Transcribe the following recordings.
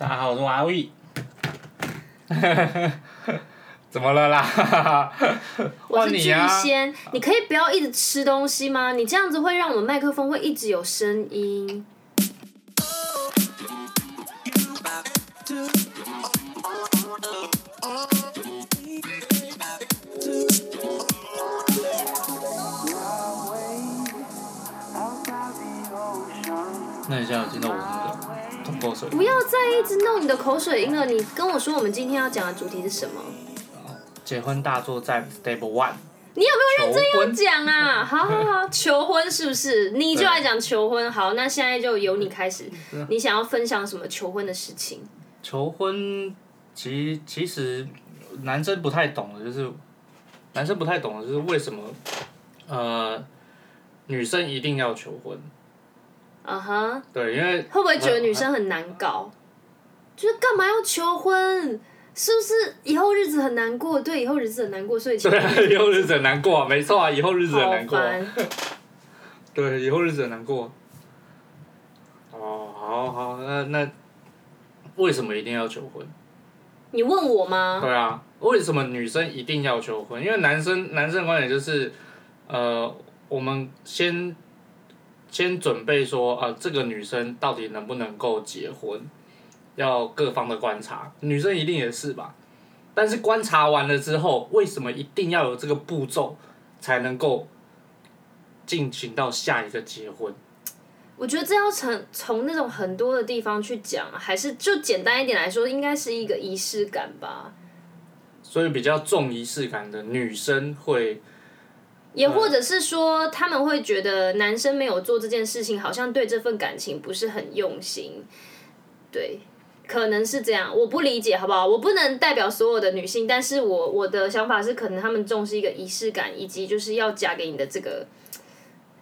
大家好，我是阿威。怎麼了啦？你啊、我是居仙，好你可以不要一直吃東西嗎？你這樣子會讓我們麥克風會一直有聲音。那你現在聽到我什麼？不要再一直弄你的口水音了！你跟我說我們今天要講的主題是什麼？結婚大作戰 STEP1。你有沒有認真要講啊？ 好好好，求婚是不是？你就愛講求婚，對好，那現在就由你開始。啊、你想要分享什麼求婚的事情？求婚，其其實男生不太懂的，就是男生不太懂的就是為什麼，呃，女生一定要求婚。嗯哼。Uh huh、對，因為。會不會覺得女生很難搞？就是幹嘛要求婚？是不是以後日子很難過？對，以後日子很難過，所以才。對，以後日子很難過啊，沒錯啊，以後日子很難過啊。對，以後日子很難過啊。哦、oh，好好，那那，為什麼一定要求婚？你問我嗎？對啊，為什麼女生一定要求婚？因為男生男生的觀點就是，呃，我們先。先準備說，呃，這個女生到底能不能夠結婚？要各方的觀察，女生一定也是吧？但是觀察完了之後，為什麼一定要有這個步驟才能夠進行到下一個結婚？我覺得這要從從那種很多的地方去講，還是就簡單一點來說，應該是一個儀式感吧。所以比較重儀式感的女生會，也或者是說，他們會覺得男生沒有做這件事情，好像對這份感情不是很用心。對，可能是這樣。我不理解，好不好？我不能代表所有的女性，但是我我的想法是，可能他們重視一個儀式感，以及就是要嫁給你的這個。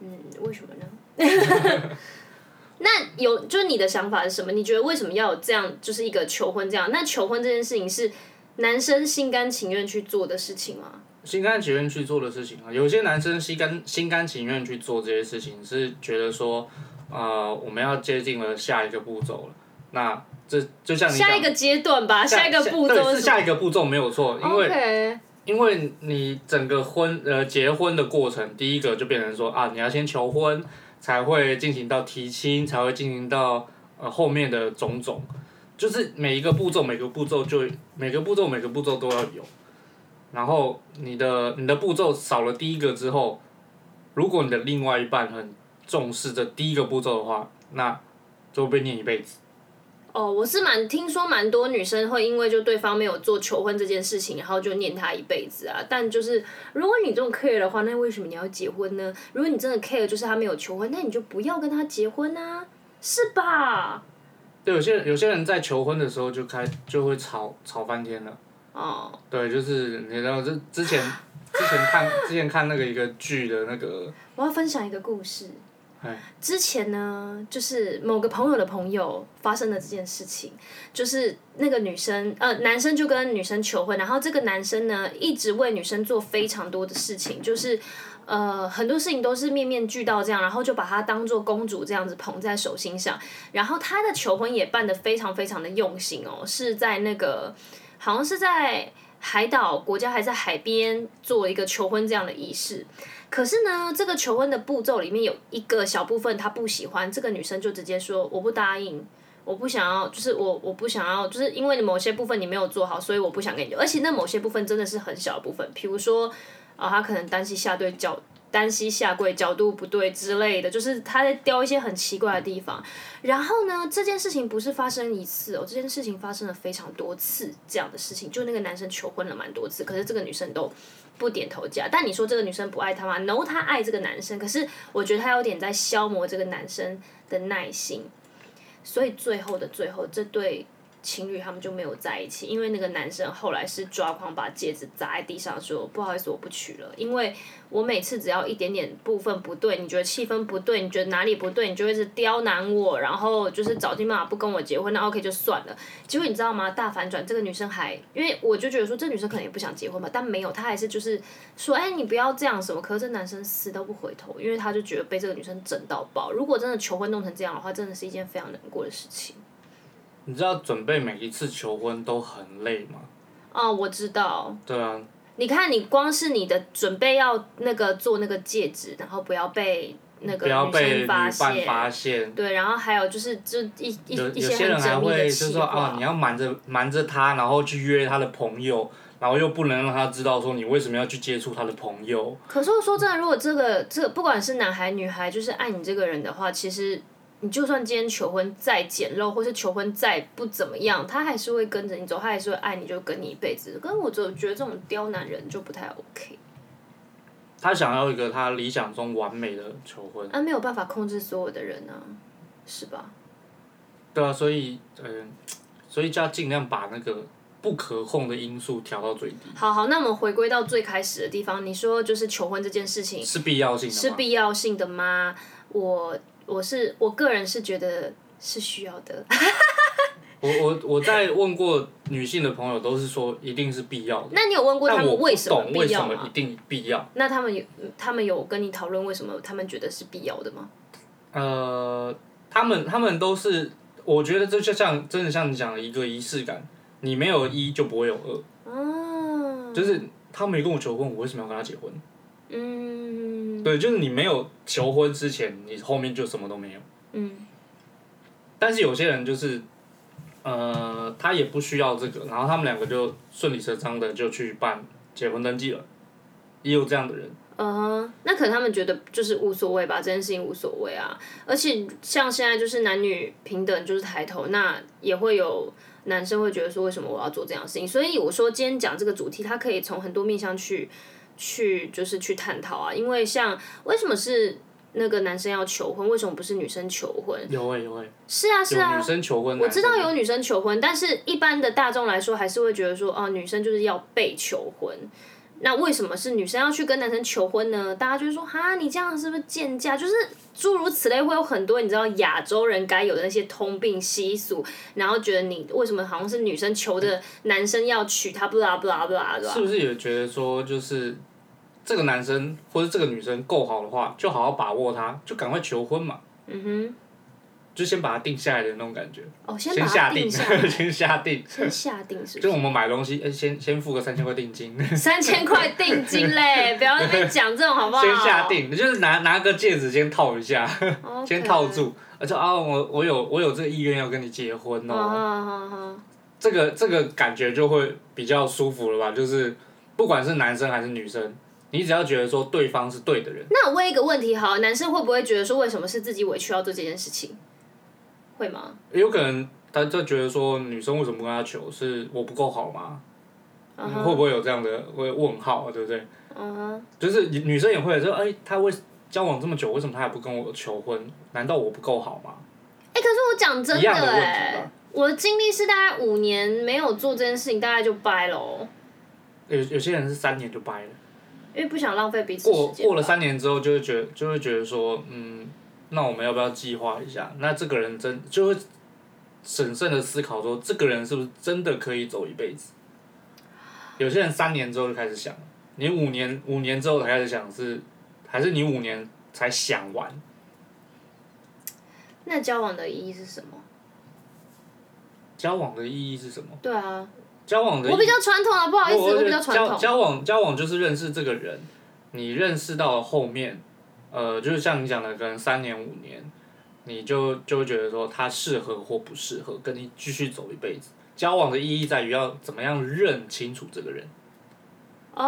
嗯，為什麼呢？ 那有，就是你的想法是什麼？你覺得為什麼要有這樣，就是一個求婚這樣？那求婚這件事情是男生心甘情願去做的事情嗎？心甘情願去做的事情啊，有些男生心甘心甘情願去做這些事情，是覺得說，呃，我們要接近了下一個步驟了。那這就，就像你講下一個階段吧，但下一個步驟是，是下一個步驟沒有錯，因為 Okay. 因為你整個婚呃結婚的過程，第一個就變成說啊，你要先求婚，才會進行到提親，才會進行到呃後面的種種，就是每一個步驟，每個步驟就每個步驟每個步驟都要有。然後你的你的步驟少了第一個之後，如果你的另外一半很重視這第一個步驟的話，那就會被念一輩子。哦，我是蠻聽說蠻多女生會因為就對方沒有做求婚這件事情，然後就念他一輩子啊。但就是如果你這種 care 的話，那為什麼你要結婚呢？如果你真的 care 就是他沒有求婚，那你就不要跟他結婚啊，是吧？對，有些人有些人，在求婚的時候就開就會吵吵翻天了。哦，oh. 對，就是你知道，這之前之前看 之前看那個一個劇的那個。我要分享一個故事。哎，Hey. 之前呢，就是某個朋友的朋友發生了這件事情，就是那個女生呃男生就跟女生求婚，然後這個男生呢一直為女生做非常多的事情，就是呃很多事情都是面面俱到這樣，然後就把他當做公主這樣子捧在手心上，然後他的求婚也辦得非常非常的用心哦、喔，是在那個。好像是在海島國家，還在海邊做一個求婚這樣的儀式。可是呢，這個求婚的步驟裡面有一個小部分他不喜歡，這個女生就直接說我不答應，我不想要，就是我我不想要，就是因為你某些部分你沒有做好，所以我不想跟你。而且那某些部分真的是很小的部分，譬如說，啊、哦，他可能單膝下對腳。單膝下跪角度不對之類的，就是他在挑一些很奇怪的地方。然後呢，這件事情不是發生一次哦，這件事情發生了非常多次這樣的事情。就那個男生求婚了蠻多次，可是這個女生都不點頭嫁。但你說這個女生不愛他嗎？No，她愛這個男生，可是我覺得她有點在消磨這個男生的耐心。所以最後的最後，這對。情侶他們就沒有在一起，因為那個男生後來是抓狂，把戒指砸在地上，說不好意思，我不娶了。因為我每次只要一點點部分不對，你覺得氣氛不對，你覺得哪裡不對，你就會是刁難我，然後就是找盡辦法不跟我結婚。那 OK 就算了。結果你知道嗎？大反轉，這個女生還，因為我就覺得說，這女生可能也不想結婚嘛，但沒有，她還是就是說，哎，你不要這樣什麼。可是這男生死都不回頭，因為他就覺得被這個女生整到爆。如果真的求婚弄成這樣的話，真的是一件非常難過的事情。你知道準備每一次求婚都很累嗎？哦，我知道。對啊。你看，你光是你的準備要那個做那個戒指，然後不要被那個女生、嗯。不要被。發現。對，然後還有就是，就一一些人還會就是說啊、哦，你要瞞着瞞着他，然後去約他的朋友，然後又不能讓他知道說你為什麼要去接觸他的朋友。可是我說真的，如果這個這個、不管是男孩女孩，就是愛你這個人的話，其實。你就算今天求婚再簡陋，或是求婚再不怎麼樣，他還是會跟着你走，他還是會愛你，就跟你一輩子。可是我就覺得這種刁難人就不太 OK。他想要一個他理想中完美的求婚。啊，沒有辦法控制所有的人呢、啊，是吧？對啊，所以嗯、呃，所以就要盡量把那個不可控的因素調到最低。好好，那我們回歸到最開始的地方，你說就是求婚這件事情是必要性的，是必要性的嗎？我我是我個人是覺得是需要的。 我我我在問過女性的朋友，都是說一定是必要的。那你有問過他們為什麼懂為什麼一定必要？那他們有他們有跟你討論為什麼他們覺得是必要的嗎？呃，他們他們都是，我覺得這就像真的像你講的一個儀式感，你沒有一就不會有二。嗯，就是他沒跟我求婚，我為什麼要跟他結婚？嗯，對，就是你沒有求婚之前，你後面就什麼都沒有。嗯。但是有些人就是，呃，他也不需要這個，然後他們兩個就順理成章的就去辦結婚登記了，也有這樣的人。啊、uh-huh. 那可能他們覺得就是無所謂吧，這件事情無所謂啊。而且像現在就是男女平等，就是抬頭，那也會有男生會覺得說，為什麼我要做這樣的事情？所以我說今天講這個主題，他可以從很多面向去。去就是去探討啊，因為像為什麼是那個男生要求婚，為什麼不是女生求婚？有問、欸、有問、欸、是啊是啊，女生求婚，我知道有女生求婚，但是一般的大眾來說，還是會覺得說，哦、呃，女生就是要被求婚。那為什麼是女生要去跟男生求婚呢？大家就說，哈，你這樣是不是賤價？就是諸如此類，會有很多你知道亞洲人該有的那些通病習俗，然後覺得你為什麼好像是女生求的男生要娶她，不啦不啦不啦，是不是也覺得說就是？這個男生或者這個女生夠好的話，就好好把握她，就趕快求婚嘛。嗯哼，就先把它定下來的那種感覺。哦，先下定，先下定，先下定是不是？先下定就我們買東西，哎、欸，先先付個三千塊定金。 三千塊定金嘞，不要在那邊講這種好不好？ 先下定，就是拿拿個戒指先套一下， 先套住，Okay. 而且啊，我我有我有這個意願要跟你結婚哦。哦，好好好。這個這個感覺就會比較舒服了吧？就是不管是男生還是女生。你只要覺得說對方是對的人，那我問一個問題好，男生會不會覺得說為什麼是自己委屈要做這件事情？會嗎？有可能，他就覺得說女生為什麼不跟他求？是我不夠好嗎？Uh huh. 你會不會有這樣的問問號？對不對？嗯、uh huh. 就是女生也會說，就、欸、哎，他為交往這麼久，為什麼他也不跟我求婚？難道我不夠好嗎？哎、欸，可是我講真的、欸，哎，我的經歷是大概五年沒有做這件事情，大概就掰了。有有些人是三年就掰了。因為不想浪費彼此時間。過過了三年之後，就會覺得就會覺得說，嗯，那我們要不要計劃一下？那這個人真就會審慎的思考說，說這個人是不是真的可以走一輩子？有些人三年之後就開始想，你五年五年之後才開始想是，是還是你五年才想完？那交往的意義是什麼？交往的意義是什麼？對啊。交往的意我比較傳統啊，不好意思，我，交我比較傳統。交往交往就是認識這個人，你認識到了後面，呃，就是像你講的，可能三年五年，你就就會覺得說他適合或不適合跟你繼續走一輩子。交往的意義在於要怎麼樣認清楚這個人。哦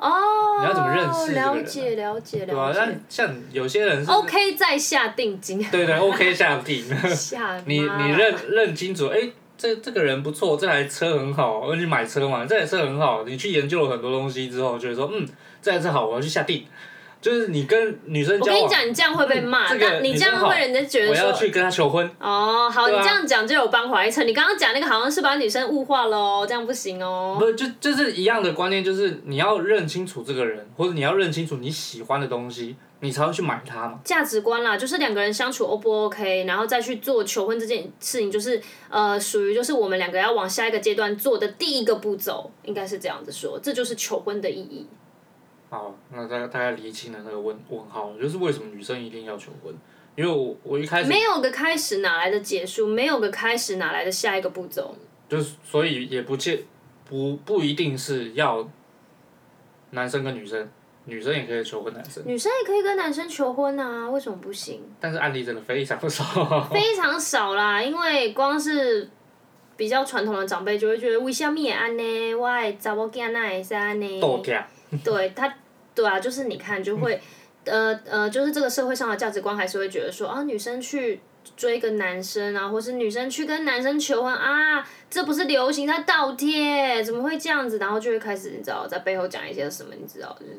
哦，你要怎麼認識這個人啊？哦，了解、了解、了解。對啊，那像有些人是 OK 再下定金， 對對、對，OK 下定。 下媽你。你你認認清楚哎。欸這這個人不錯，這台車很好。我去買車嘛，這台車很好。你去研究了很多東西之後，覺得說，嗯，這台車好，我要去下定。就是你跟女生，我跟你講，你這樣會被罵，那、嗯這個、你這樣會人家覺得我要去跟她求婚。哦，好，吧你這樣講就有幫懷車。你剛剛講那個好像是把女生物化嘍，這樣不行哦。不是就就是一樣的觀念，就是你要認清楚這個人，或者你要認清楚你喜歡的東西。你才會去買它嘛？價值觀啦，就是兩個人相處 O 不 OK，然後再去做求婚這件事情，就是呃，屬於就是我們兩個要往下一個階段做的第一個步驟，應該是這樣子說，這就是求婚的意義。好，那大家大家理清了那個問問號，就是為什麼女生一定要求婚？因為我我一開始沒有個開始，哪來的結束？沒有個開始，哪來的下一個步驟？就是所以也不介，不不一定是要男生跟女生。女生也可以求婚男生。女生也可以跟男生求婚啊？為什麼不行？但是案例真的非常少。非常少啦， 因為光是比較傳統的長輩就會覺得 為什麼會安呢？我的查某囝那會生安呢倒貼？ 對他對啊，就是你看就會 呃呃，就是這個社會上的價值觀還是會覺得說啊，女生去追一個男生啊，或是女生去跟男生求婚啊，這不是流行？他倒貼？怎麼會這樣子？然後就會開始你知道在背後講一些什麼？你知道就是。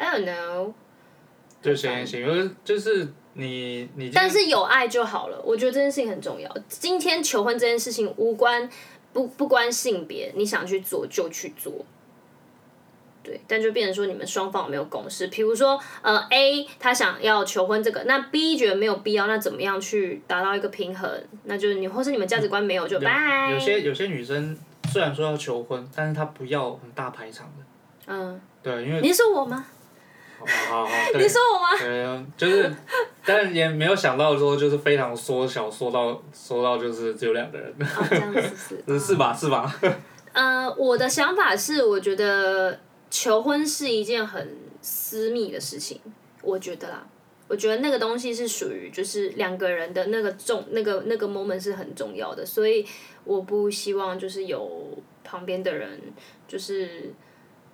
I don't know，就對剛行行，就是就是你你，你但是有愛就好了，我覺得這件事情很重要。今天求婚這件事情無關不不關性別，你想去做就去做，對，但就變成說你們雙方有沒有共識。比如說呃，A 他想要求婚這個，那 B 覺得沒有必要，那怎麼樣去達到一個平衡？那就你或是你們價值觀沒有就拜。有些有些女生雖然說要求婚，但是她不要很大排場的，嗯，對，因為你是我嗎？好好好你說我嗎？對，就是，但也沒有想到說就是非常縮小，縮到縮到就是只有兩個人。Oh, 這樣子是是吧 是吧？呃，我的想法是，我覺得求婚是一件很私密的事情，我覺得啦，我覺得那個東西是屬於就是兩個人的那個重那個那個 moment 是很重要的，所以我不希望就是有旁邊的人就是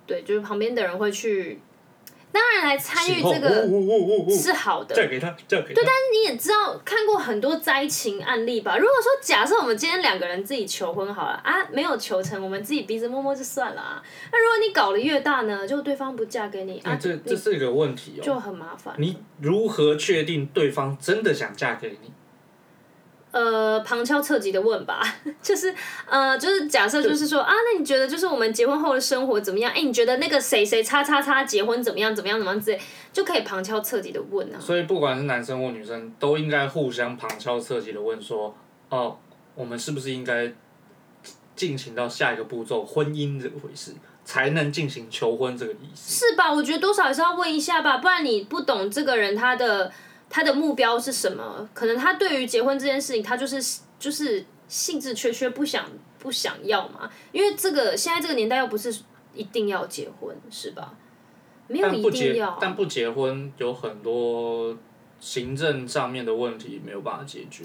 對，就是旁邊的人會去。當然來參與這個是好的，嫁給他，嫁給他。對，但是你也知道看過很多災情案例吧？如果說假設我們今天兩個人自己求婚好了啊，沒有求成，我們自己鼻子摸摸就算了啊。那如果你搞得越大呢，就對方不嫁給你啊，這這是一個問題哦，就很麻煩。你如何確定對方真的想嫁給你？呃，旁敲側擊的問吧， 就是呃，就是假設，就是說對啊，那你覺得就是我們結婚後的生活怎麼樣？哎，你覺得那個誰誰叉叉叉結婚怎麼樣？怎麼樣？怎麼樣之類，就可以旁敲側擊的問啊。所以不管是男生或女生，都應該互相旁敲側擊的問說，哦，我們是不是應該進行到下一個步驟，婚姻這個回事，才能進行求婚這個意思？是吧？我覺得多少也是要問一下吧，不然你不懂這個人他的。他的目標是什麼？可能他對於結婚這件事情，他就是就是興致缺缺，不想不想要嘛。因為這個現在這個年代又不是一定要結婚，是吧？沒有一定要。但不，但不結婚有很多行政上面的問題沒有辦法解決。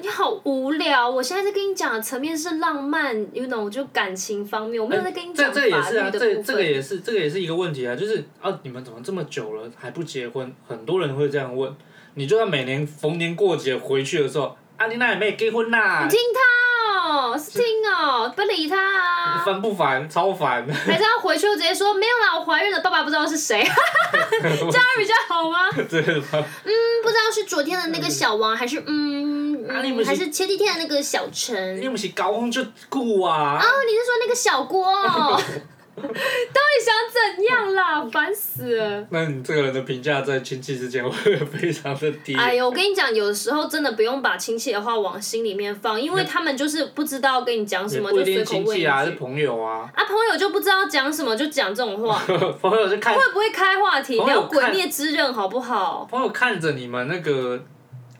你好無聊，我現在在跟你講的層面是浪漫，you know, 就感情方面，我沒有在跟你講法律的部分。欸，這個也是啊，對，這個也是，這個也是一個問題啊，就是啊，你們怎麼這麼久了還不結婚？很多人會這樣問。你就算每年逢年過節回去的時候，阿麗娜也沒結婚吶、啊。你聽他哦，是聽哦，不理他、啊。煩不煩？超煩。還是要回去就直接說沒有啦，我懷孕了，爸爸不知道是誰。這 樣比較好嗎？ 對吧。嗯，不知道是昨天的那個小王，還是嗯，阿、嗯啊、還是前幾天的那個小陳。你不是高往就顧啊？哦，你是說那個小郭？哦？ 到底想怎樣啦？煩死了。那你這個人的評價在親戚之間會非常的低。哎呦，我跟你講，有的時候真的不用把親戚的話往心裡面放，因為他們就是不知道跟你講什麼就隨口問一下，是親戚啊，是朋友啊。啊，朋友就不知道講什麼，就講這種話。 朋友就看會不會開話題？聊鬼滅之刃好不好？朋友看着你們那個，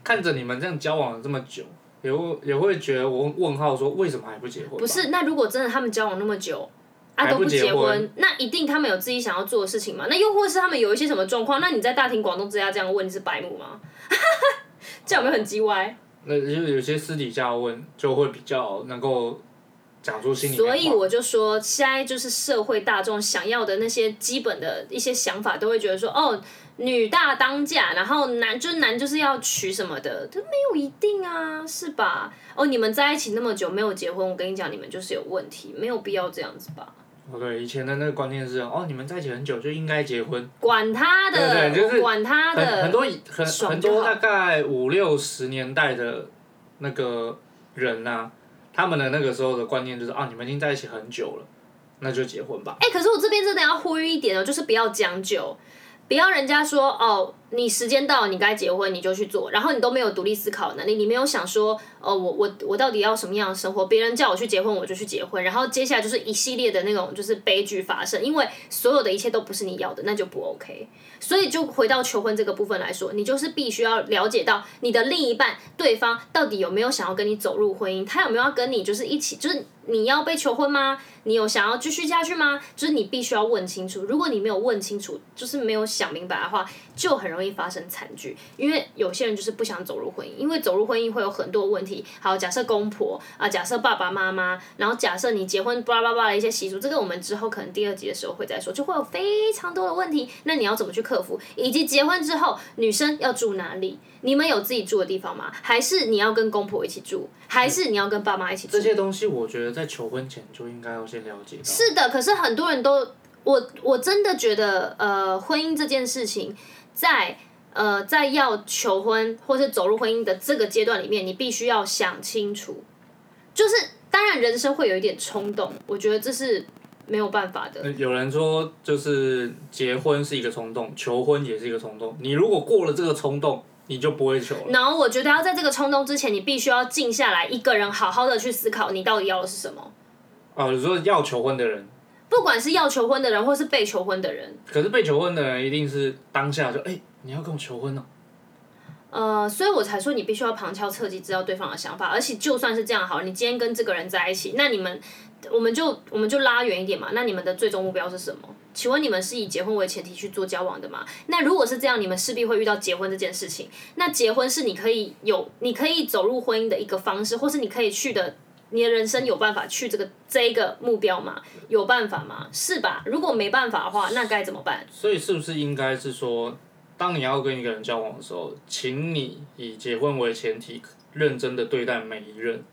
看着你們這樣交往這麼久，也會也會覺得我問號說為什麼還不結婚？不是，那如果真的他們交往那麼久？啊都不結婚，結婚，那一定他們有自己想要做的事情嘛。那又或是他們有一些什麼狀況？那你在大庭廣眾之下這樣問，你是白目嗎？哈哈哈，這樣有沒有很雞歪？哦？那就有些私底下問，就會比較能夠講出心裡。所以我就說，現在就是社會大眾想要的那些基本的一些想法，都會覺得說，哦，女大當嫁，然後男就男就是要娶什麼的，都沒有一定啊，是吧？哦，你們在一起那麼久沒有結婚，我跟你講，你們就是有問題，沒有必要這樣子吧？OK 對，以前的那個觀念是哦，你們在一起很久就應該結婚。管他的，對對就是、管他的。很多很很多大概五六十年代的那個人吶、啊，他們的那個時候的觀念就是哦，你們已經在一起很久了，那就結婚吧。哎、欸，可是我這邊真的要呼籲一點哦，就是不要將就，不要人家說哦。你時間到，你該結婚，你就去做，然後你都沒有獨立思考能力，你沒有想說，哦、呃，我我我到底要什麼樣的生活？別人叫我去結婚我就去結婚，然後接下來就是一系列的那種就是悲劇發生，因為所有的一切都不是你要的，那就不 OK。所以就回到求婚這個部分來說，你就是必須要了解到你的另一半對方到底有沒有想要跟你走入婚姻，他有沒有要跟你就是一起，就是你要被求婚嗎？你有想要繼續下去嗎？就是你必須要問清楚，如果你沒有問清楚，就是沒有想明白的話，就很容易發生慘劇，因為有些人就是不想走入婚姻，因為走入婚姻會有很多問題。好，假設公婆啊，假設爸爸媽媽，然後假設你結婚，巴拉巴拉的一些習俗，這個我們之後可能第二集的時候會再說，就會有非常多的問題。那你要怎麼去克服？以及結婚之後，女生要住哪裡？你們有自己住的地方嗎？還是你要跟公婆一起住？還是你要跟爸媽一起住？這些東西、嗯、我覺得在求婚前就應該要先了解。是的，可是很多人都，我我真的覺得，呃，婚姻這件事情。在呃，在要求婚或是走入婚姻的這個階段裡面，你必須要想清楚。就是當然，人生會有一點衝動，我覺得這是沒有辦法的。呃、有人說，就是結婚是一個衝動，求婚也是一個衝動。你如果過了這個衝動，你就不會求了。然後我覺得要在這個衝動之前，你必須要靜下來，一個人好好的去思考，你到底要的是什麼。啊、呃，你說要求婚的人。不管是要求婚的人，或是被求婚的人，可是被求婚的人一定是當下就哎、欸，你要跟我求婚呢、喔？呃，所以我才說，你必須要旁敲側擊知道對方的想法，而且就算是這樣好，你今天跟這個人在一起，那你們我們就我們就拉遠一點嘛。那你們的最終目標是什麼？請問你們是以結婚為前提去做交往的嗎？那如果是這樣，你們勢必會遇到結婚這件事情。那結婚是你可以有，你可以走入婚姻的一個方式，或是你可以去的。你的人生有辦法去這個這個目標嗎？有辦法嗎？是吧？如果沒辦法的話，那該怎麼辦？所以是不是應該是說，當你要跟一個人交往的時候，請你以結婚為前提，認真的對待每一任。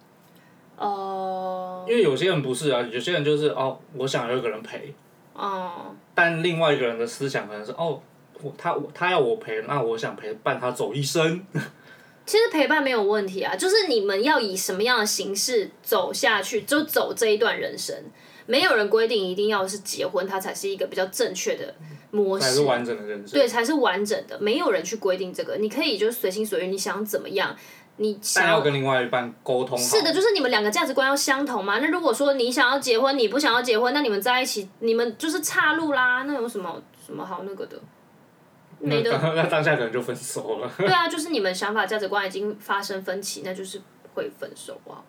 哦、uh。因為有些人不是啊，有些人就是哦，oh, 我想要一個人陪。哦、uh。但另外一個人的思想可能是哦，我、oh, 他他要我陪，那我想陪伴他走一生。其實陪伴沒有問題啊，就是你們要以什麼樣的形式走下去，就走這一段人生，沒有人規定一定要是結婚，它才是一個比較正確的模式。才是完整的人生。對，才是完整的，沒有人去規定這個，你可以就隨心所欲，你想怎麼樣，你想要跟另外一半溝通。是的，就是你們兩個價值觀要相同嘛。那如果說你想要結婚，你不想要結婚，那你們在一起，你們就是岔路啦，那有什麼什麼好那個的？那那當下可能就分手了。 對啊，就是你們想法、價值觀已經發生分歧，那就是會分手啊。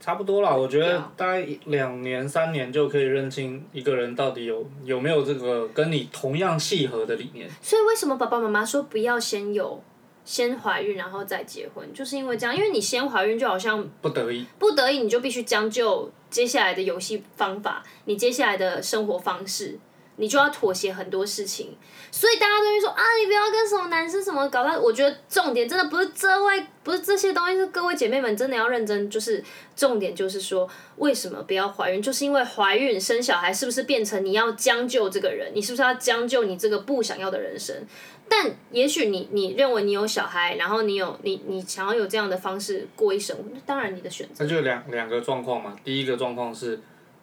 差不多啦，我覺得大概兩年、三年就可以認清一個人到底有有沒有這個跟你同樣契合的理念。所以，為什麼爸爸媽媽說不要先有，先懷孕然後再結婚？就是因為這樣，因為你先懷孕就好像不得已，不得已你就必須將就接下來的遊戲方法，你接下來的生活方式。你就要妥協很多事情，所以大家都會說啊，你不要跟什麼男生什麼搞。但我覺得重點真的不是這位，不是這些東西，是各位姐妹們真的要認真。就是重點就是說，為什麼不要懷孕？就是因為懷孕生小孩，是不是變成你要將就這個人？你是不是要將就你這個不想要的人生？但也許你你認為你有小孩，然後你有你你想要有這樣的方式過一生，那當然你的選擇。那就兩兩個狀況嘛。第一個狀況是。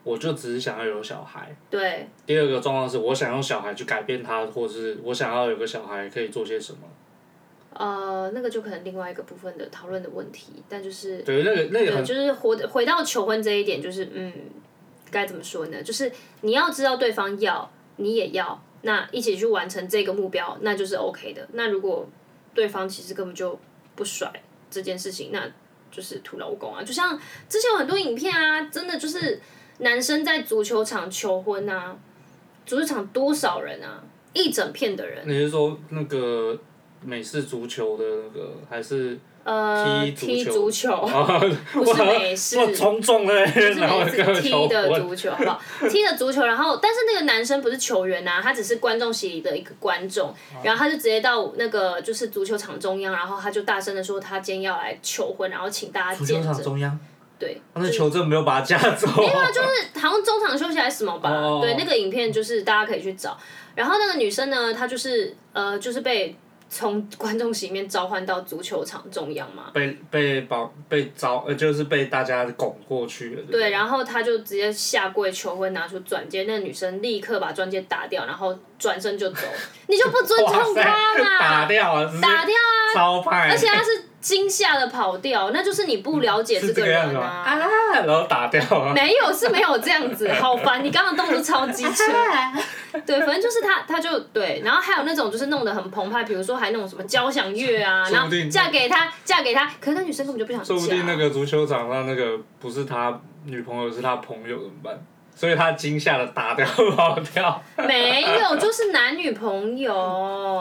我就只是想要有小孩。對。第二個狀況是我想要小孩去改變他，或者是我想要有個小孩可以做些什麼。呃，那個就可能另外一個部分的討論的問題，但就是對那個那個就是回回到求婚這一點，就是嗯，該怎麼說呢？就是你要知道對方要你也要，那一起去完成這個目標，那就是 OK 的。那如果對方其實根本就不甩這件事情，那就是徒勞無功啊！就像之前有很多影片啊，真的就是。男生在足球場求婚吶、啊，足球場多少人啊？一整片的人。你是說那個美式足球的那個還是踢？呃，踢足球。 不是美式。哇，哇衝撞耶，就是美式踢的足、 足的足球，好不好？踢的足球，然後但是那個男生不是球員吶、啊，他只是觀眾席的一個觀眾，然後他就直接到那個就是足球場中央，然後他就大聲的說他今天要來求婚，然後請大家見證。足球場中央。對，但是球證沒有把他架走，因為他就是好像中場休息還是什麼吧。Oh. 對，那個影片，就是大家可以去找。然後那個女生呢，她就是呃，就是被從觀眾席裡面召喚到足球場中央嘛。被被保被召呃，就是被大家拱過去了。對，對，然後他就直接下跪求婚，拿出鑽戒，那女生立刻把鑽戒打掉，然後轉身就走。你就不尊重他嘛、啊？打掉，打掉啊！打掉啊！超派，而且他是。驚嚇的跑掉，那就是你不了解這個人啊！嗯、這樣啊啦，然後打掉啊！沒有是沒有這樣子，好煩！ 你剛剛動作超級遲，對，反正就是他，他就對，然後還有那種就是弄得很澎湃，比如說還弄什麼交響樂啊，然後嫁給，嫁給他，嫁給他，可是他女生根本就不想嫁，啊。說不定那個足球場上那個不是他女朋友，是他朋友怎麼辦？所以他驚嚇的打掉，跑掉。沒有，就是男女朋友，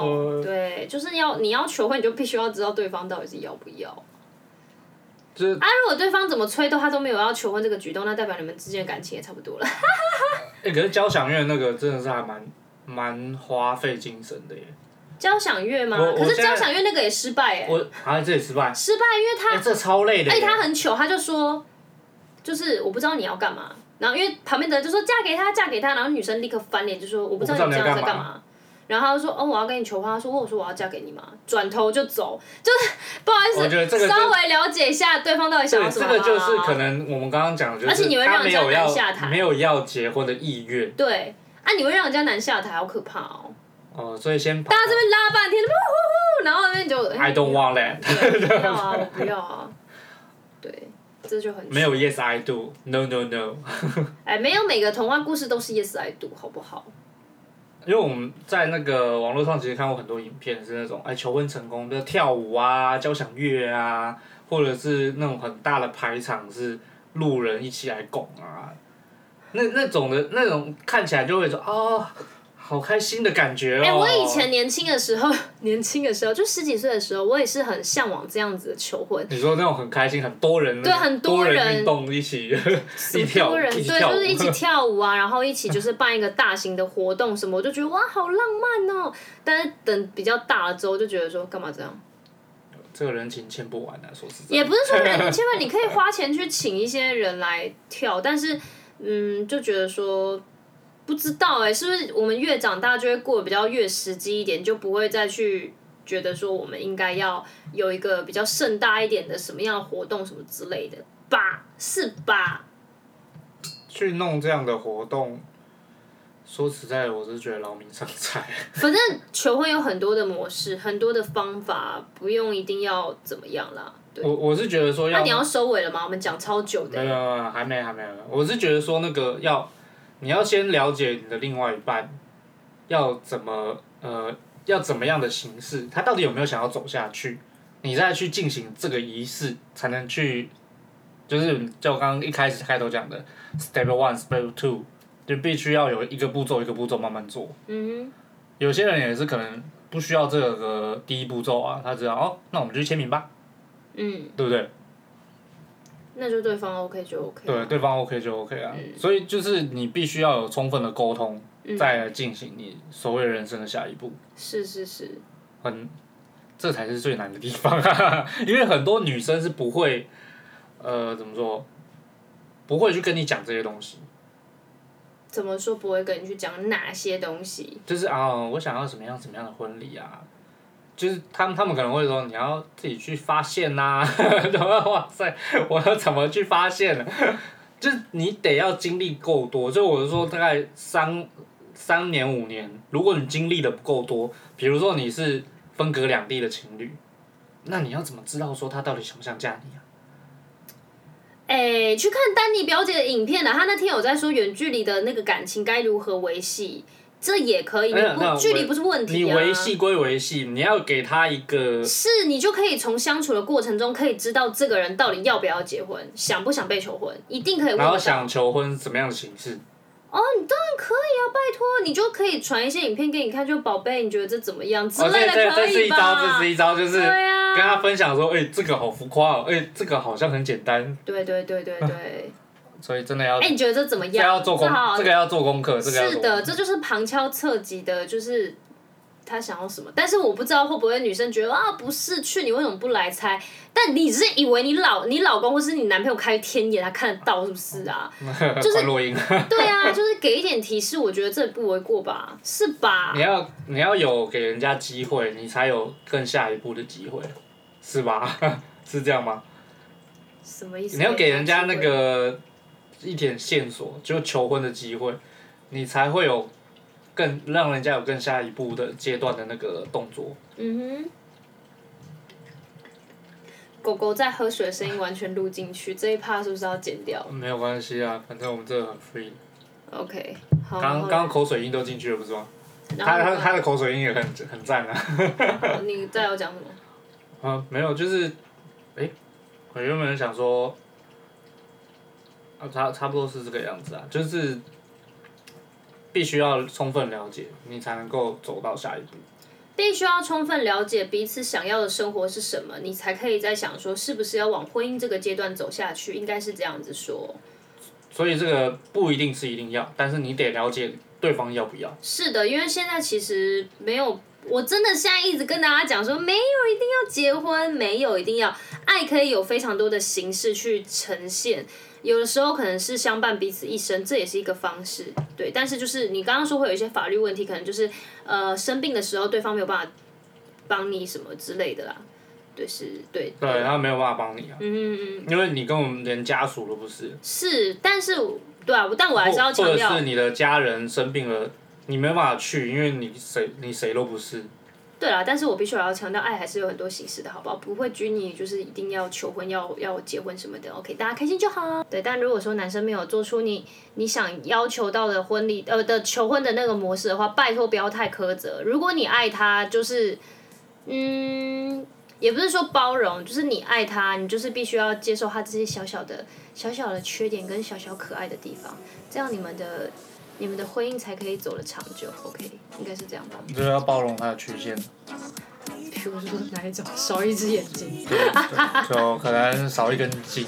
嗯、對，就是要你要求婚，你就必須要知道對方到底是要不要。就啊，如果對方怎麼催都他都沒有要求婚這個舉動，那代表你們之間的感情也差不多了。哎、 欸，可是交響樂那個真的是還蠻蠻花費精神的耶。交響樂嗎？可是交響樂那個也失敗耶，在、啊、這也失敗。失敗，因為他、欸、這超累的，哎，他很糗，他就說，就是我不知道你要幹嘛。然後因為旁邊的人就說嫁給他，嫁給他，然後女生立刻翻臉就說，我不知道你們這樣在幹嘛。然後就說哦，我要跟你求婚。他說我我說我要嫁給你嘛。轉頭就走，就不好意思。我覺得這個稍微了解一下對方到底想要什麼，啊。對，這個就是可能我們剛剛講的就是，而且你會讓人家男下台，沒有，沒有要結婚的意願。對啊，你會讓人家男下台，好可怕哦。哦，呃，所以先大家這邊拉半天，嗚，然後那邊就 I don't want that，對 不要啊，我不要啊。這就很沒有 Yes I do，No No No。哎，沒有每個童話故事都是 Yes I do，好不好？因為我們在那個網絡上其實看過很多影片，是那種哎求婚成功的跳舞啊、交響樂啊，或者是那種很大的排場，是路人一起來拱啊，那那種的那種看起來就會說哦。好開心的感覺哎、喔欸，我以前年輕的時候，年輕的時候就十幾歲的時候，我也是很嚮往這樣子的求婚。你說那種很開心，很多人、那個、對很多人動一起，很是 跳多人對就是一起跳舞啊，然後一起就是辦一個大型的活動什麼，我就覺得哇，好浪漫哦、喔！但是等比較大了之後，就覺得說幹嘛這樣？這個人情欠不完的、啊，說實在也不是說人情欠不完，你可以花錢去請一些人來跳， 但是嗯，就覺得說。不知道哎、欸，是不是我們越長大就會過得比較越實際一點，就不會再去覺得說我們應該要有一個比較盛大一點的什麼樣的活動什麼之類的吧？是吧？去弄這樣的活動，說實在的，我是覺得勞民傷財。反正求婚有很多的模式，很多的方法，不用一定要怎麼樣啦。對，我我是覺得說要，那你要收尾了嗎？我們講超久的、欸。沒有，還沒，還沒有。我是覺得說那個要。你要先了解你的另外一半，要怎麼呃，要怎麼樣的形式，他到底有沒有想要走下去，你再去進行這個儀式，才能去，就是就剛剛一開始開頭講的 step one step two，就必須要有一個步驟一個步驟慢慢做。嗯哼。有些人也是可能不需要這個第一步驟啊，他知道哦，那我們就去簽名吧。嗯。對不對？那就對方 OK 就 OK 啊。對，對方 OK 就 OK 啊，嗯，所以就是你必須要有充分的溝通，嗯，再來進行你所謂人生的下一步。是是是。很，這才是最難的地方啊，因為很多女生是不會，呃，怎麼說，不會去跟你講這些東西。怎麼說不會跟你去講哪些東西？就是啊，呃，我想要什麼樣什麼樣的婚禮啊。就是他們，他們可能會說，你要自己去發現吶、啊，然 後哇塞，我要怎麼去發現呢？ 就是你得要經歷夠多，就我是說大概三三年五年如果你經歷的不夠多，比如說你是分隔兩地的情侶，那你要怎麼知道說他到底想不想嫁你啊？哎、欸，去看丹尼表姐的影片了，她那天有在說，遠距離的那個感情該如何維繫。這也可以，不距離不是問題、啊、你維繫歸維繫，你要給他一個。是，你就可以從相處的過程中，可以知道這個人到底要不要結婚，想不想被求婚，一定可以問一下。然後想求婚是怎麼樣的形式？哦，你當然可以啊，拜托，你就可以傳一些影片給你看，就寶貝，你覺得這怎麼樣？之類的、哦對對對。這是一招，這是一招，就是跟他分享說，哎、欸，這個好浮誇哦，哎、欸，這個好像很簡單。對，對對對對對。所以真的要，哎，欸、你覺得這怎麼樣？這個要做功課，這個要做功課，是的，這就是旁敲側擊的，就是他想要什麼。但是我不知道會不會女生覺得啊，不是，去你為什麼不來猜？但你是以為你老你老公或是你男朋友開天眼，他看得到是不是啊？ 就是錄音。對啊，就是給一點提示，我覺得這不為過吧？是吧？你要你要有給人家機會，你才有更下一步的機會，是吧？ 是這樣嗎？什麼意思？你要給人家那個。 一點線索，只有求婚的機會，你才會有更讓人家有更下一步的階段的那個動作。嗯哼。狗狗在喝水聲音完全錄進去，哇這一趴是不是要剪掉？沒有關係啊，反正我們這個很 free。OK。剛剛口水音都進去了，不是嗎？然後他他他的口水音也很很讚啊。 你再要講什麼？啊、嗯，沒有，就是，哎、欸，我原本想說？啊，差差不多是這個樣子啊，就是必須要充分了解，你才能夠走到下一步。必須要充分了解彼此想要的生活是什麼，你才可以在想說是不是要往婚姻這個階段走下去，應該是這樣子說。所以這個不一定是一定要，但是你得了解對方要不要。是的，因為現在其實沒有，我真的現在一直跟大家講說，沒有一定要結婚，沒有一定要愛，可以有非常多的形式去呈現。有的時候可能是相伴彼此一生，這也是一個方式，對。但是就是你剛剛說會有一些法律問題，可能就是呃生病的時候對方沒有辦法幫你什麼之類的啦。對，就是，對。對他沒有辦法幫你啊。嗯嗯嗯。因為你跟我們連家屬都不是。是，但是，對啊，但我還是要強調。或者是你的家人生病了，你沒辦法去，因為你誰你誰都不是。對啦，但是我必須要強調，愛還是有很多形式的，好不好？不會拘泥，就是一定要求婚，要要結婚什麼的。OK，大家開心就好。對，但如果說男生沒有做出你你想要求到的婚禮，呃的求婚的那個模式的話，拜託不要太苛責。如果你愛他，就是，嗯，也不是說包容，就是你愛他，你就是必須要接受他這些小小的、小小的缺點跟小小可愛的地方，這樣你們的。你們的婚姻才可以走得長久，OK，應該是這樣吧。就是要包容他的缺陷。比如說哪一種？少一隻眼睛？就可能少一根筋，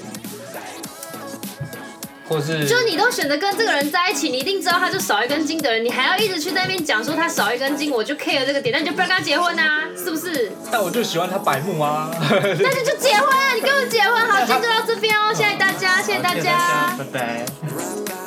或是就你都選擇跟這個人在一起，你一定知道他是少一根筋的人，你還要一直去在那邊講說他少一根筋，我就 care 這個點，那你就不要跟他結婚啊，是不是？但我就喜歡他白目啊，那你就結婚，啊，你跟我結婚，好，今天就到這邊哦，謝謝大家，謝謝大家，拜拜。